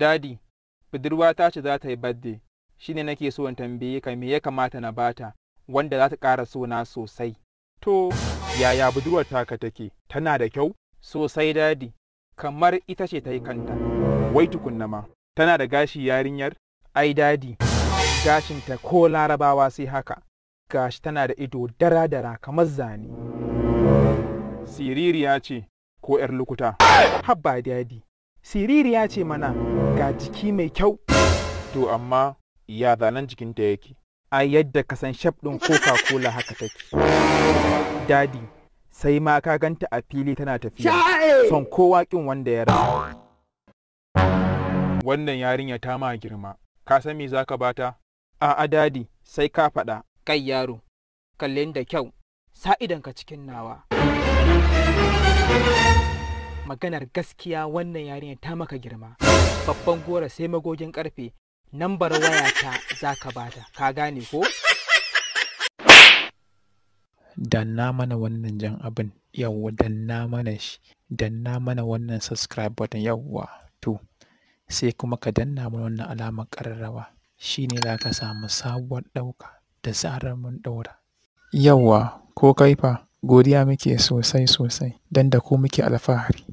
Dadi, budurwata ce za ta yi badde, shi ne nake so in tambaye ka me ya kamata na bata, wanda za ta ƙara sona sosai. To, yaya budurwar taka take, tana da kyau? Sosai dadi, kamar ita ce ta yi kanta. Wai tukunna ma, tana da gashi yarinyar? Ai dadi, gashinta ko larabawa sai haka, gashi tana da ido dara-dara kamar zane. Siririya ce, ko ‘yar lukuta. Habba dadi, Siriri ya ce mana ga jiki mai kyau to amma ya zanen jikinta yake a yadda ka san shaf ɗin coca cola haka take dadi sai ma ka ganta a fili tana tafiya son kowa kin wanda ya rasa wannan yarinya ta ma girma ka san me zaka bata a'a dadi sai ka faɗa kai yaro kallon da kyau sa ka cikin nawa maganar gaskiya wannan yarinyar ta maka girma babban gora sai magogin karfe nambar waya ta zaka bata ka gane ko danna mana wannan jan abin yawwa danna mana shi danna mana wannan subscribe button yawwa to sai kuma ka danna mana wannan alamar ƙararrawa shine za ka samu sabuwar ɗauka da zarar mun ɗaura yawwa ko kaifa godiya muke sosai sosai don da ku muke alfahari